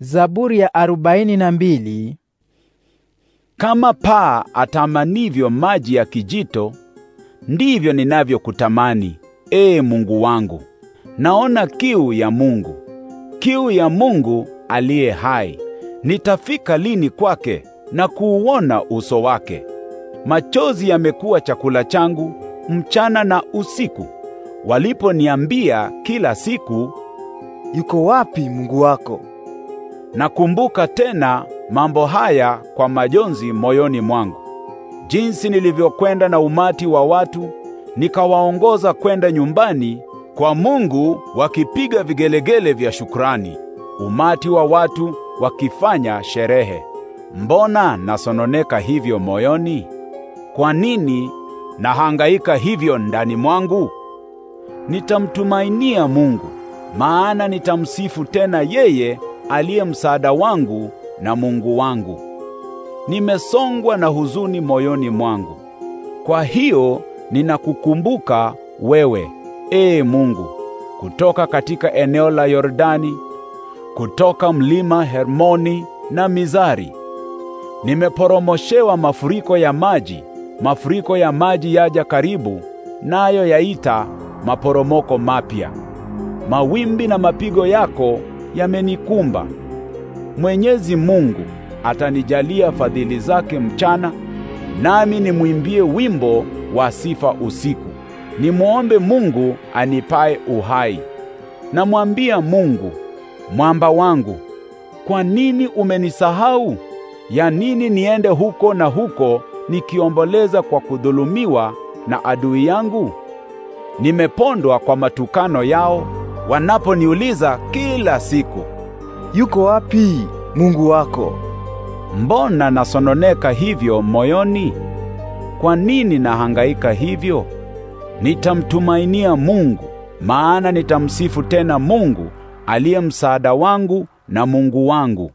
Zaburi ya arobaini na mbili. Kama paa atamanivyo maji ya kijito, ndivyo ninavyokutamani, ee Mungu wangu. Naona kiu ya Mungu, kiu ya Mungu aliye hai. Nitafika lini kwake na kuuona uso wake? Machozi yamekuwa chakula changu mchana na usiku, waliponiambia kila siku, yuko wapi Mungu wako? Nakumbuka tena mambo haya kwa majonzi moyoni mwangu, jinsi nilivyokwenda na umati wa watu nikawaongoza kwenda nyumbani kwa Mungu wakipiga vigelegele vya shukrani, umati wa watu wakifanya sherehe. Mbona nasononeka hivyo moyoni? Kwa nini nahangaika hivyo ndani mwangu? Nitamtumainia Mungu, maana nitamsifu tena yeye aliye msaada wangu na Mungu wangu. Nimesongwa na huzuni moyoni mwangu, kwa hiyo ninakukumbuka wewe, ee Mungu, kutoka katika eneo la Yordani, kutoka mlima Hermoni na Mizari. Nimeporomoshewa mafuriko ya maji, mafuriko ya maji yaja karibu, nayo yaita maporomoko mapya. Mawimbi na mapigo yako yamenikumba. Mwenyezi Mungu atanijalia fadhili zake mchana, nami nimwimbie wimbo wa sifa usiku. nimwombe Mungu anipae uhai. Namwambia Mungu, mwamba wangu, kwa nini umenisahau? Ya nini niende huko na huko nikiomboleza kwa kudhulumiwa na adui yangu? Nimepondwa kwa matukano yao wanaponiuliza kila siku, yuko wapi Mungu wako? Mbona nasononeka hivyo moyoni? Kwa nini nahangaika hivyo? Nitamtumainia Mungu, maana nitamsifu tena Mungu aliye msaada wangu na Mungu wangu.